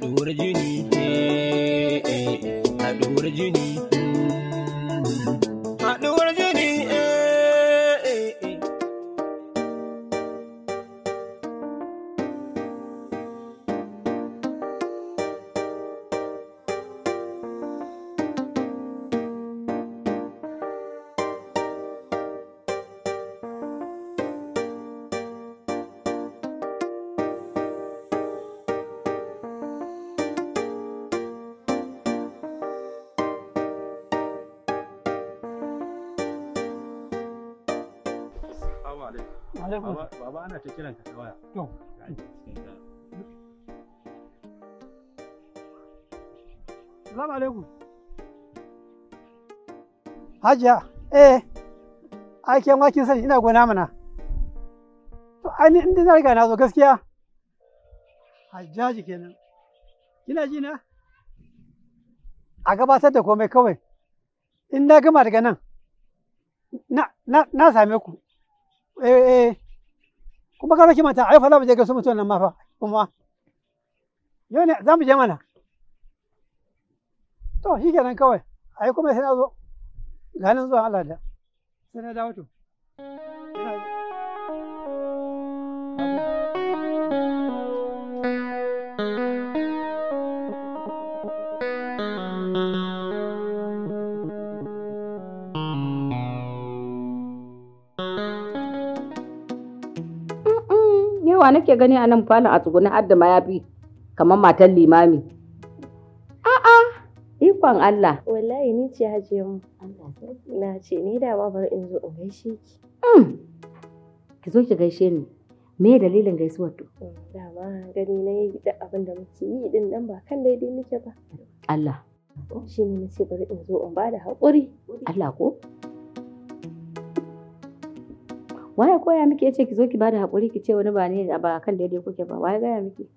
I do haɗuwar jini haɗuwar jini ana ta kiran ka ta waya to Salamu alaikum. Hajiya, eh, ake ma kin sani ina gona mana. To ni inda na na zo gaskiya. Hajjaji kenan. Kina ji na? A gabatar da komai kawai. In na gama daga nan, na, na same ku. Eh, eh, kuma ka roki mata ai fa za mu je ga su mutuwan nan ma fa kuma yau ne za mu je mana to shi kenan kawai ai kuma sai na zo ganin zuwa Allah da sai na dawo to wa nake gani a nan falon a tsuguna adda mayafi kamar matan limami. A'a, ikon Allah. Wallahi ni ce mu. na ce ni da ba bar in zo in gaishe ki. Mm. Ki zo ki gaishe ni. Me dalilin gaisuwar to? Mm, dama gani na yi da abin da muke yi din nan ba kan daidai muke ba. Allah. Shi ne na ce bari in zo in ba da haƙuri. Allah ko? waye koya miki yace ki zo ki bada hakuri ki ce wani ba ne ba kan daidai kuke ba waye gaya miki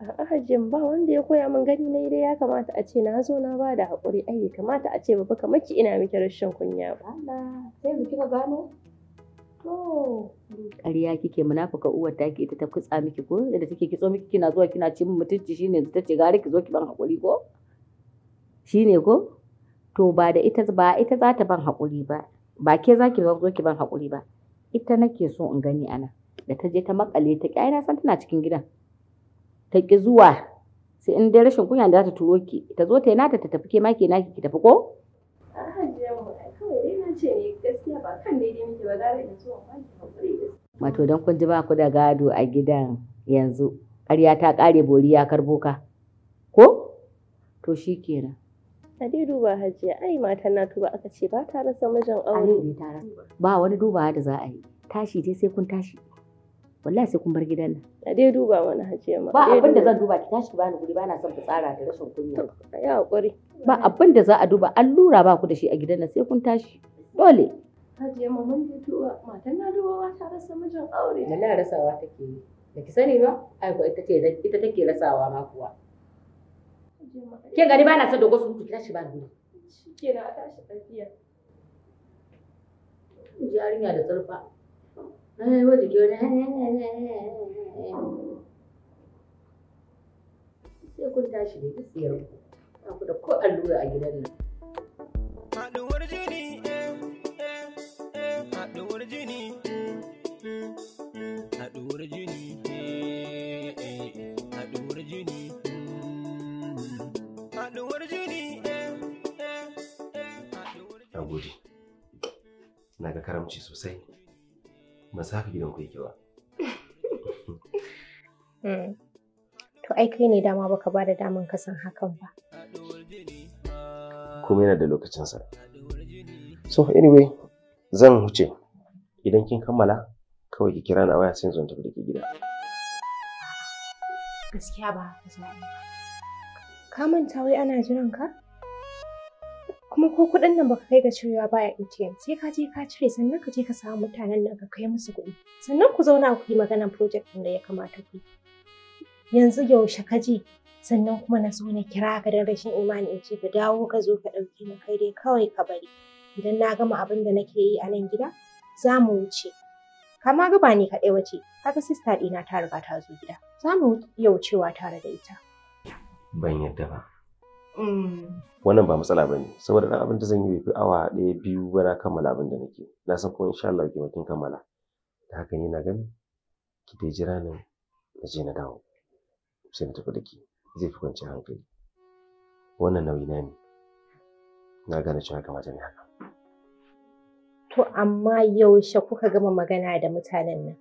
a'a jin ba wanda ya koya min gani na dai ya kamata a ce na zo na bada hakuri ai kamata a ce ba kamar ki ina miki rashin kunya ba Allah sai miki kika gano to ƙarya kike munafuka uwar take ita ta kutsa miki ko da take kitso miki kina zuwa kina ce mutunci shine ta ce gari ki zo ki ban hakuri ko shine ko to ba da ita ba ita za ta ban hakuri ba ba ke za ki zo ki ban hakuri ba ita nake so in gani ana da ta je ta makale ta ƙi na san tana cikin gidan ta ƙi zuwa sai in dai rashin kunya da za ta turo ki ta zo ta nata ta tafi ke ma ke na ki tafi ko Wato don kun ji ba ku da gado a gidan yanzu, ƙarya ta ƙare bori ya ko? To shi kenan. Tadi duba hajiya ai matan na tuba aka ce ba ta rasa mijin aure. Ba wani duba da za a yi. Tashi dai sai kun tashi. Wallahi sai kun bar gidan nan. A dai duba wani hajiya ma. Ba abin da zan duba ki tashi bani guri bana son ku tsara da rashin kunya. Ya hakuri. Ba abin da za a duba allura ba ku da shi a gidan nan sai kun tashi. Dole. Hajiya ma mun je tuba matan na duba ba ta rasa mijin aure. Wallahi rasawa take yi. Da ki sani ba? Ai ko ita take ita take rasawa ma kuwa. Ke gani ba na son dogon surutu ki shi ba ni. Shikenan a tashi tafiya. Yarinya da tsarfa. Eh wani ke wani sai kun tashi da tsiyar ku. ku da ko allura a gidan nan. Haɗuwar jini a gode na ga karamci sosai ba haka gidan ku yake ba hmm. to ai kai ne dama baka ba da daman kasan hakan ba kuma yana da lokacinsa so anyway zan huce idan kin kammala kawai ki kira na waya sai zan tafi da ke gida gaskiya ba haka Ka manta wai ana jiran ka? Kuma ko kuɗin nan baka kai ga cirewa ba ya ATM sai ka je ka cire sannan ka je ka samu mutanen nan ka kai musu kuɗi. Sannan ku zauna ku yi maganar project ɗin da ya kamata ku Yanzu yaushe ka je sannan kuma na so na kira ka da rashin imani in ce ka dawo ka zo ka ɗauke ni kai dai kawai ka bari. Idan na gama abin da nake yi a nan gida za mu wuce. Kama gaba ne kaɗai wace, kaga sista ɗina ta riga ta zo gida. Za mu iya wucewa tare da ita. ban yadda ba mm. wannan ba matsala ba ne saboda ɗan abin da zan yi bai fi awa ɗaya biyu ba na kammala abin da nake na san kuma insha Allah kima kin kammala da haka ne na gani ki dai jira nan na je na dawo sai na tafi da ke zai fi kwanciyar hankali wannan nauyi na ne na gane cewa kamata ne haka to amma yaushe kuka gama magana da mutanen nan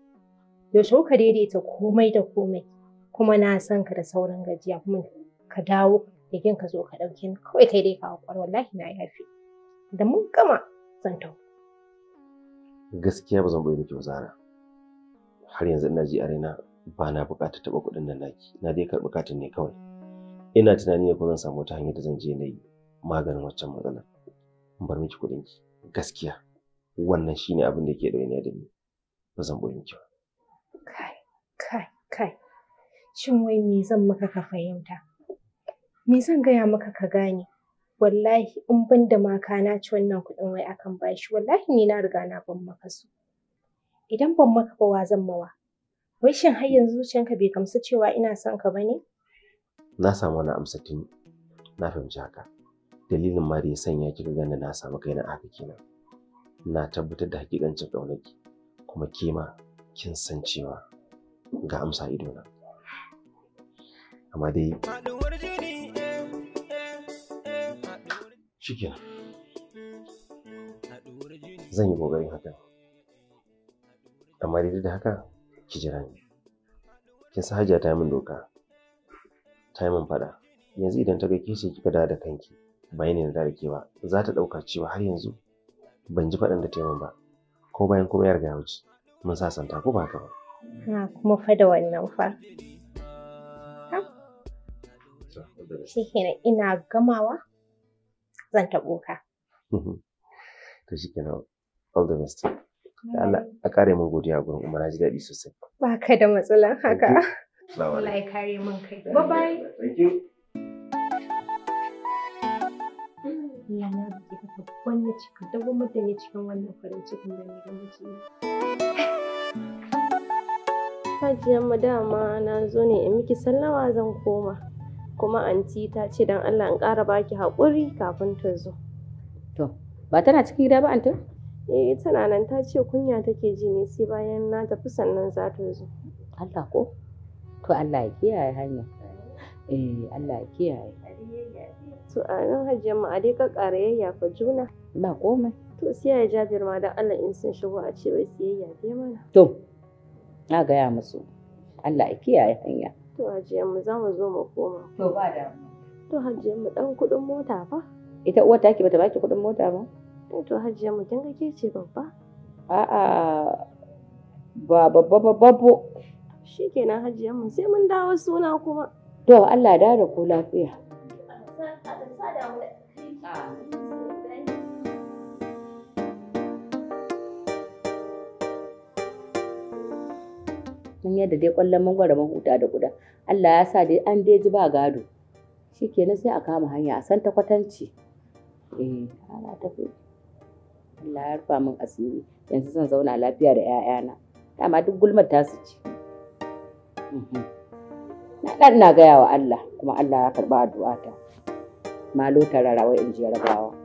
yaushe kuka daidaita komai da komai kuma na san ka da sauran gajiya kuma ka dawo jikin ka zo ka ɗauke ni kawai kai dai kawo kwar wallahi na yafi da mun gama zan tau gaskiya ba zan bai miki zara har yanzu ina ji a raina ba na buƙatar taɓa kuɗin nan naki na dai karɓi katin ne kawai ina tunani ne ko zan samu wata hanyar da zan je na yi maganin waccan matsalar in bar miki kuɗin ki gaskiya wannan shine abin da yake da da ni ba zan bai miki ba kai kai kai shin wai me zan maka ka fahimta Me zan gaya maka ka gane? Wallahi in ban da maka na ci wannan kuɗin wai akan bashi wallahi ni na riga na ban maka su. Idan ban maka ba wa zan mawa. Wai shin har yanzu zuciyanka bai gamsu cewa ina son ka ba ne? Na samu wani amsa tuni. Na fahimci haka. Dalilin ma da ya sanya kika gane na samu kaina a haka kenan. Na tabbatar da hakikancin ƙaunarki kuma kima kin san cewa ga amsa idona. Amma dai Cikin. Zan yi ƙoƙarin hakan. Amma dai da haka ki jira ni. Kin sa Hajiya ta yi min doka. Ta yi min faɗa. Yanzu idan ta ga ke ce kika dawo da kanki bayan ne da ke za ta ɗauka cewa har yanzu ban ji faɗin da ta ba. Ko bayan kuma ya riga ya wuce. Mun sa santa ko ba haka ba. Na kuma fa da wannan fa. Shi ina gamawa zan taɓo ka. To shi kenan all the best. Allah a kare mun godiya gurin kuma na ji daɗi sosai. Ba ka da matsalan haka. Allah ya kare mun kai. Bye bye. Thank you. Allah na buɗe ka babban ya cika dawamar da ni cikin wannan farin cikin da ni da mijina. Hajiyar mu dama na zo ne in miki sallama zan koma. kuma anti ta ce don Allah in ƙara baki haƙuri kafin ta zo. To, ba tana cikin gida ba anti? Eh, tana nan ta ce kunya take ji ne sai bayan na tafi sannan za ta zo. Allah ko? To Allah ya kiyaye hanya. Eh, Allah ya kiyaye. To a nan hajiyar mu a dai ka ƙara yayyafa juna. Ba komai. To sai ya jabir ma don Allah in sun shigo a ce wai sai yayyafe mana. To, na gaya musu. Allah ya kiyaye hanya. To hajiyar mu za mu zo mu koma. To ba da To hajiyar mu dan kuɗin mota fa. Ita uwar taki bata baki kuɗin mota ba? To hajiyar mu kin ga ke ce babba. A'a ba babba ba babbo. Shikenan hajiyar mu sai mun dawo suna kuma. To Allah da da ku lafiya. Ah. mun yadda dai kwallon mangwara mun huta da guda Allah ya sa dai an dai ji ba gado shikenan sai a kama hanya a san ta kwatanci eh ana tafi Allah ya rufa min asiri yanzu zan zauna lafiya da 'ya'yana dama duk gulmar ta su ci mhm. na dan na gaya wa Allah kuma Allah ya addu'a addu'ata malo tarara wai in ji rabawa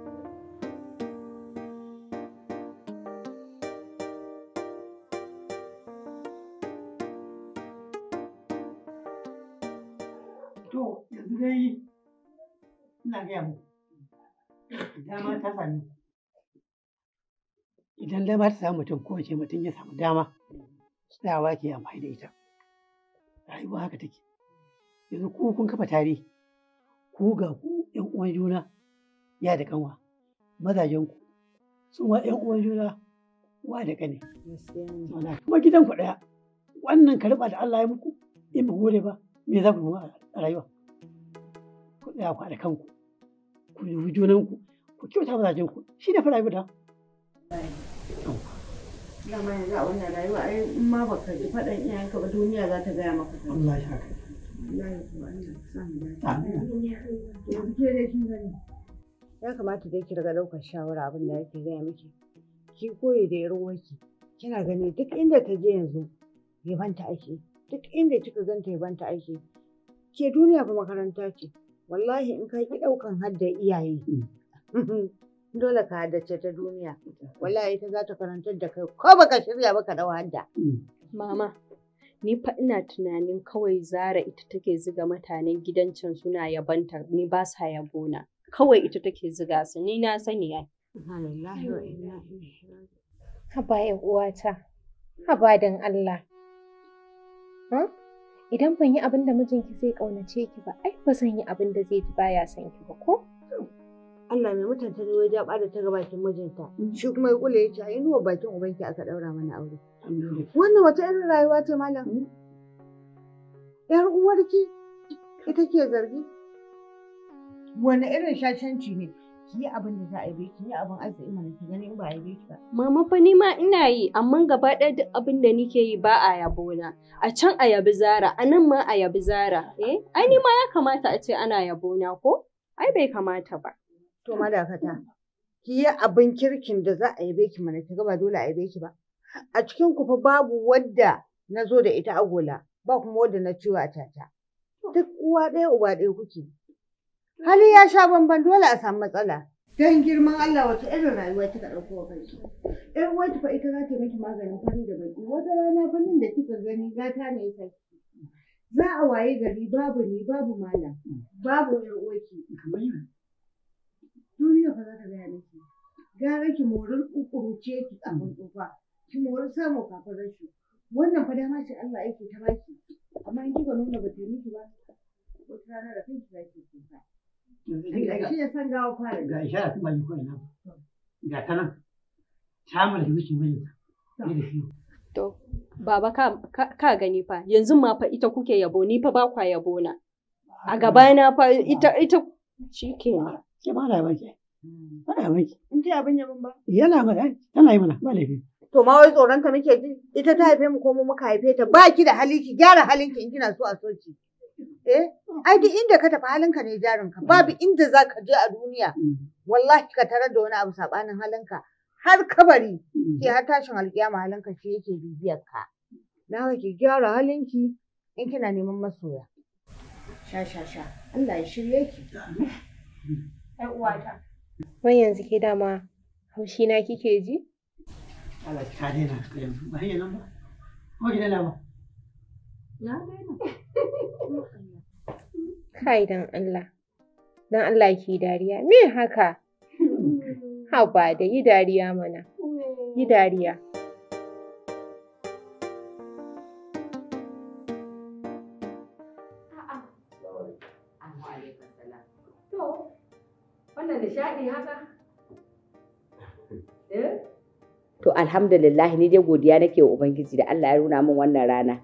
Idan dama ta samu mutum ko ce mutum ya samu dama, tsayawa ke amfani da ita. Rayuwa haka take. Yanzu ku kun kafa tare ku ga ku ‘yan uwan juna ya da kanwa, mazajenku sun wa ‘yan uwan juna wa da kane. Kuma gidan ku ɗaya, wannan karɓa da Allah ya muku in ba gode ba, me za ku yi a rayuwa? Ku ɗaya ku da kanku. ku yi junan ku ku kyauta mazajen ku shi da fara guda. Dama yanzu a wannan rayuwa ai in ma baka ji faɗan iyayenka ba duniya za ta gaya maka. Allah ya haka. Ya kamata dai ki riga ɗaukar shawara abin da yake gaya miki. Ki koyi da yarwarki. Kina gani duk inda ta je yanzu yabanta ake. Duk inda kika ganta yabanta ake. Ke duniya fa makaranta ce. wallahi in ka ki ɗaukan hadda iyaye dole ka haddace ta duniya wallahi ta za ta karantar da kai ko baka shirya baka dawo hadda mama ni fa ina tunanin kawai zara ita take ziga mutanen gidan can suna yabanta ni ba sa yabona kawai ita take ziga su ni na sani ai haba uwata haba dan Allah Idan ban yi abin da mijinki zai ƙaunace ki ba, ai ba zan yi abin da zai ji baya son ki ba ko? Allah mai mutunta ne wajen bada ta bakin mijinta. Mm. Shi kuma ya kula ya ai nuwa bakin ubanki aka ɗaura mana aure. Wannan wata irin rayuwa ce malam? Mm. ‘Yar uwarki ita ke zargi? Wani irin shashanci ne? ki yi abin da za a yi ki yi abin arziki mana ki gani in ba a yi ba. Mama fa ni ma ina yi amma gaba ɗaya duk abin da nike yi ba a yabo na. A can a yabi Zara, a nan ma a yabi Zara. Eh, ai ni ma ya kamata a ce ana yabo na ko? Ai bai kamata ba. To madakata. Ki yi abin kirkin da za a yabe ki mana ki ba dole a yabe ki ba. A cikin ku fa babu wadda na zo da ita agola ba kuma wadda na ciwo a tata. Duk uwa ɗaya uba ɗaya kuke. Hali ya sha bamban dole a samu matsala. Dan girman Allah wata irin rayuwa kika ɗauko wa kanki. Yan wata fa ita za ta miki maganin fari da baki. Wata rana fannin da kika gani gata ne ya Za a waye gari babu ni babu mala babu ƴar uwarki. Duniya fa za ta gaya miki. Gara ki morin ƙuƙuruce ki kafin tsufa. Ki morin samu kafin rashi. Wannan fa dama ce Allah yake ta baki. Amma in kika nuna ba ta miki ba. Wata rana da kanki za ki tsufa. Hmm. nan. ta ta. Hmm. To, baba ka, gani fa, yanzu ma fa ita kuke yabo, ni fa ba kwa yabo na. A gaba na fa ita ita shi ke. Ke ma da yawan Ba da yawan hmm. In ce abin yabon ba? Yana yana eh, yi mana, ba laifi. To ma wai tsoron ta muke ji, ita ta haife mu ko mu muka haife ta, ba ki da hali ki gyara halin ki in kina so a so ki. Eh, ai duk inda ka tafi halinka ne jarinka, babu mm. inda za ka je a duniya. Mm. Wallahi ka tarar da wani abu saɓanin halinka, har kabari, ke mm. har tashin alƙiyama halinka shi yake bibiyar ka. Na haka ki gyara halinki in kina neman masoya. Sha sha sha, Allah ya shirye ki. Ai uwata. Wai yanzu ke dama haushi na kike ji? Allah ki ka daina yanzu, ba yana ba. Ko gidana ba? Na daina. Kai dan Allah, dan Allah ki dariya, me haka? Haba da yi dariya mana, yi dariya. Eh? To alhamdulillah ni dai godiya nake wa Ubangiji da Allah ya nuna min wannan rana.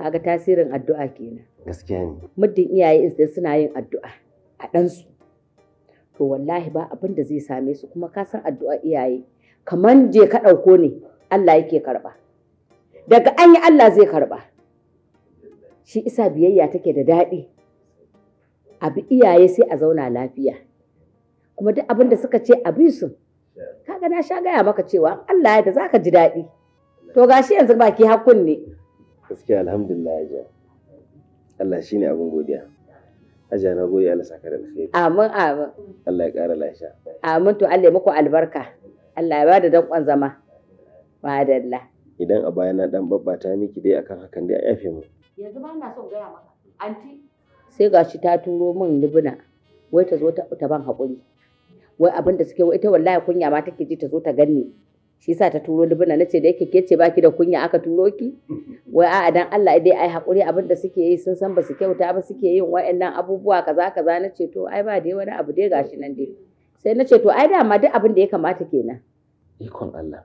kaga tasirin addu'a kenan gaskiya ne muddin iyaye in suna yin addu'a a ɗansu to wallahi ba abin da zai same su kuma ka san addu'a iyaye kaman je ka ɗauko ne Allah yake karɓa daga an yi Allah zai karɓa shi isa biyayya take da daɗi abi iyaye sai a zauna lafiya kuma duk abin da suka ce a bi su kaga na sha gaya maka cewa Allah ya da zaka ji daɗi to gashi yanzu baki hakun ne gaskiya alhamdulillah ya ja Allah shine abin godiya Aja na goyi Allah saka da alheri amin amin Allah ya ƙara lafiya amin to Allah ya muku albarka Allah ya bada danƙon zama madalla idan a baya na dan babbata miki dai akan hakan dai a yafe mu yanzu ba na son gaya maka anti sai gashi ta turo min libina wai ta zo ta ban haƙuri wai abin da suke wai ita wallahi kunya ma take ji ta zo ta ganni shi sa ta turo dubuna na ce da yake ke ce baki da kunya aka turo ki wai a'a dan Allah dai ai hakuri abin da suke yi sun san ba su kyauta ba suke yin wa'annan abubuwa kaza kaza na ce to ai ba dai wani abu dai gashi nan dai sai na ce to ai dama duk abin da ya kamata kenan ikon Allah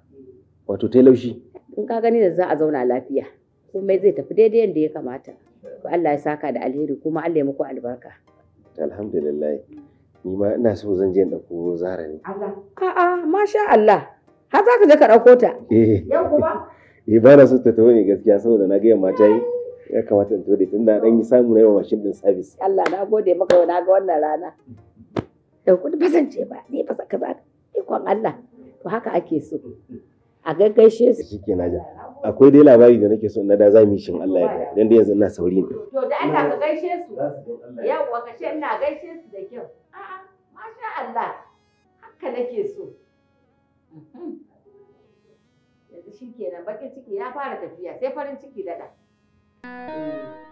wato tai laushi in ka gani da za a zauna lafiya komai zai tafi daidai yadda ya kamata to Allah ya saka da alheri kuma Allah ya muku albarka alhamdulillah ni ma ina so zan je in dauko zara ne a'a masha Allah ka za ka je ka ɗauko ta eh. yau kuma eh ba na so ta tafi ne gaskiya saboda na ga yamma yi ya kamata in tode tunda dan yi samu na yawan mashin ɗin sabis. Allah na gode maka na ga wannan rana da ku ba zan ce ba ne ba saka ba ikon Allah to haka ake so a gaggaishe su shike na akwai dai labari da nake so na da zamu shin Allah ya dan da yanzu ina sauri ne to da Allah ka gaishe su ina gaishe su da kyau a'a masha Allah haka nake so Yanzu shi kenan baƙin ciki ya fara tafiya sai farin ciki daɗa. Eh.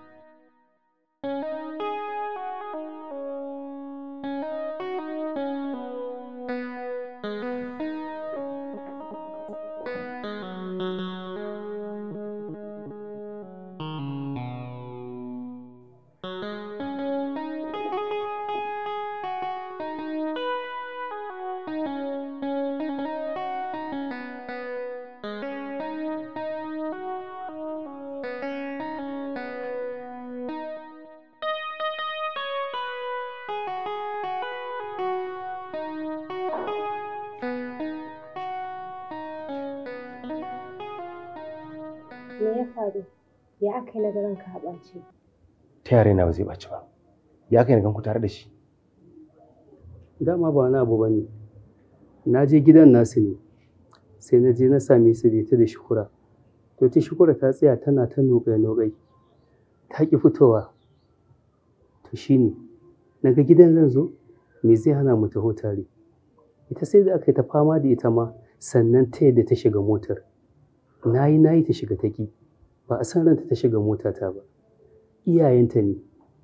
kai na garin ka ɓace? Ta yare na ba zai ɓaci ba. Ya kai na ganku tare da shi. Dama ba wani abu bane. Na je gidan nasu ne. Sai na je na same su da ita da shukura. To ta shukura ta tsaya tana ta nokai nokai. Ta ki fitowa. To shine. Na ga gidan zan zo. Me zai hana mu taho tare? Ita sai da aka yi ta fama da ita ma. Sannan ta yadda ta shiga motar. Na yi na ta shiga ta ki. ba a san ranta ta shiga motata ba iyayenta ne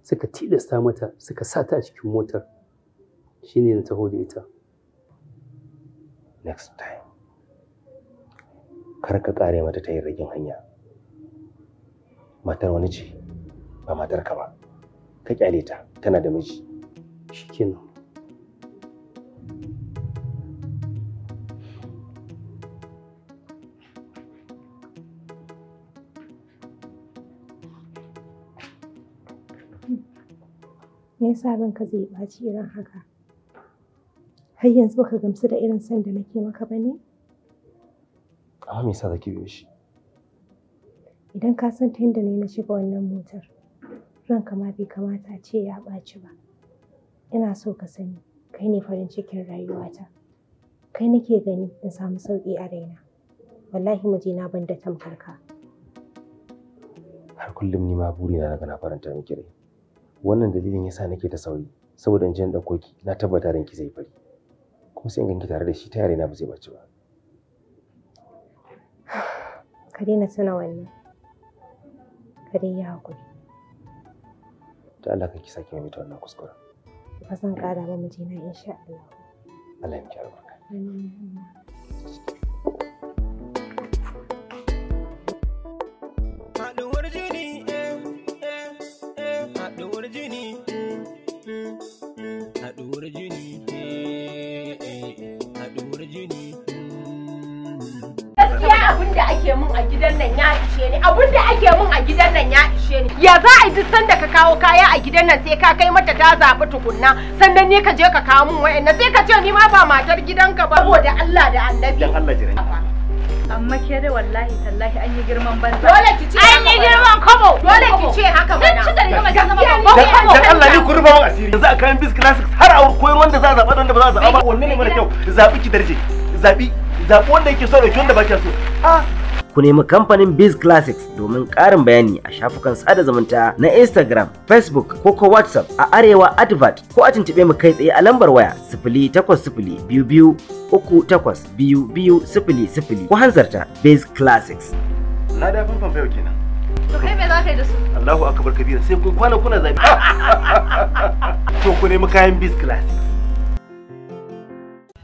suka tilasta mata suka sa ta a cikin motar shine na taho da ita next time kar ka kare mata ta yin ragin hanya matar wani ce ba matar ka ba ka kyale ta tana da miji shikenan me yasa ranka zai ɓaci irin haka har yanzu baka gamsu da irin san da nake maka ba ne a me yasa zaki biyo shi idan ka san ta yadda ne na shiga wannan motar ranka ma bai kamata a ce ya ɓaci ba ina so ka sani kai ne farin cikin rayuwata kai nake gani in samu sauƙi a raina wallahi muje na banda tamkar ka har kullum ni ma burina na ga na faranta miki rai wannan dalilin yasa nake ta sauri saboda in je in ɗauko ki na tabbata ranki zai fari kuma sai in ganki tare da shi ta yare na ba zai bace ba ka daina tuna wannan ka dai yi hakuri ta Allah ka ki sake mai mita wannan kuskure ba zan ƙara ba mijina insha Allah Allah ya miki albarka abin da ake mun a gidan nan ya ishe ni abin ake mun a gidan nan ya ishe ni ya za a duk sanda ka kawo kaya a gidan nan sai ka kai mata ta zaɓi tukunna sannan ne ka je ka kawo mun wa'annan sai ka ce ni ma ba matar gidanka ba saboda Allah da annabi dan Allah jiran amma ke dai wallahi tallahi an yi girman banza dole ki ce an yi girman kobo dole ki ce haka mana dan ci da zama babban dan Allah ni ku rufa mun asiri yanzu a kayan bis classics har a koyar wanda za a zaba wanda ba za a zaɓa ba wanne ne mara kyau zaɓi ki darje zaɓi zaɓi wanda yake so da wanda ba so a ku nemi kamfanin Biz Classics domin ƙarin bayani a shafukan sada zumunta na Instagram, Facebook ko ko WhatsApp a Arewa Advert ko a tuntuɓe mu kai tsaye a lambar waya sifili ko hanzarta Biz Classics. Na da fanfan fayo kenan. To kai me za ka yi da su? Allahu akbar kabira sai kun kwana kuna zabi. To ku nemi kayan Biz Classics.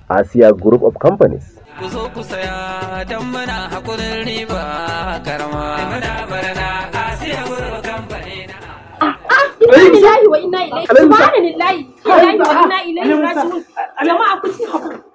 Asia Group of Companies ku zo ku saya don muna hakurin riba karama. Muna barna Asiya Gurba kamfani na. Alhamdulillahi wa inna ilaihi subhanallahi wa inna ilaihi raji'un. Jama'a ku ci hakuri.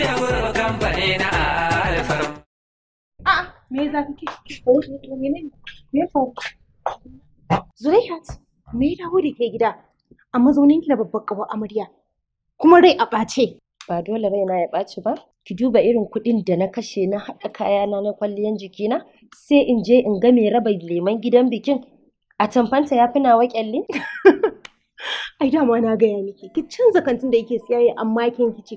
shebur kamfani na alfarma. A me za ka ke? Me faru? me ya dawo da ke gida a mazauninki na babbar ƙawar amarya kuma rai a ɓace. Ba dole raina ya ɓace ba, ki duba irin kuɗin da na kashe na haɗa kayana na kwalliyan jikina sai in je in ga mai raba leman gidan bikin a tamfanta ya fi nawa ƙyalli. Ai dama na gaya miki, ki canza kantin da yake siyayya amma kin kici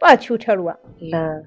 ba cutarwa. La,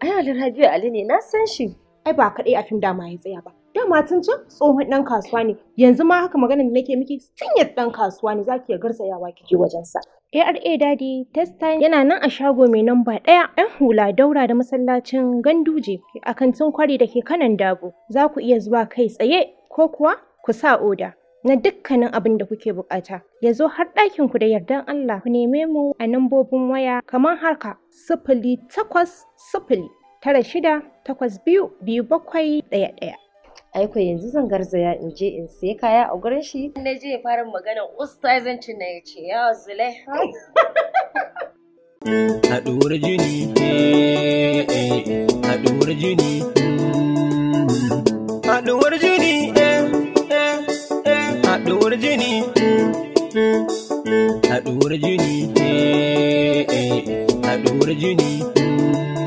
ai Alhaji Ali ne na san shi. Ai ba kaɗai a fim dama ya tsaya ba. Dama tun can tsohon ɗan kasuwa ne, yanzu ma haka maganar da nake miki sinyar ɗan kasuwa ne za ki iya garzayawa kike wajensa. ARA Daddy test time yana nan a shago mai namba ɗaya ‘yan hula daura da masallacin ganduje a kantin kwari da ke kanan dago. Za ku iya zuwa kai tsaye ko kuwa ku sa oda. na dukkanin abin da kuke bukata. Ya zo har ɗakin ku da yardan Allah ku neme mu a nambobin waya kamar harka sifili takwas sifili tara shida takwas biyu biyu bakwai ɗaya ɗaya. Aiko yanzu zan garzaya in je in sai kaya a gurin shi. Na je fara magana ustazancin na ya ce yawa zulai. Haɗuwar jini, eh, eh, eh. haɗuwar jini, hmm. haɗuwar jini. do what I jini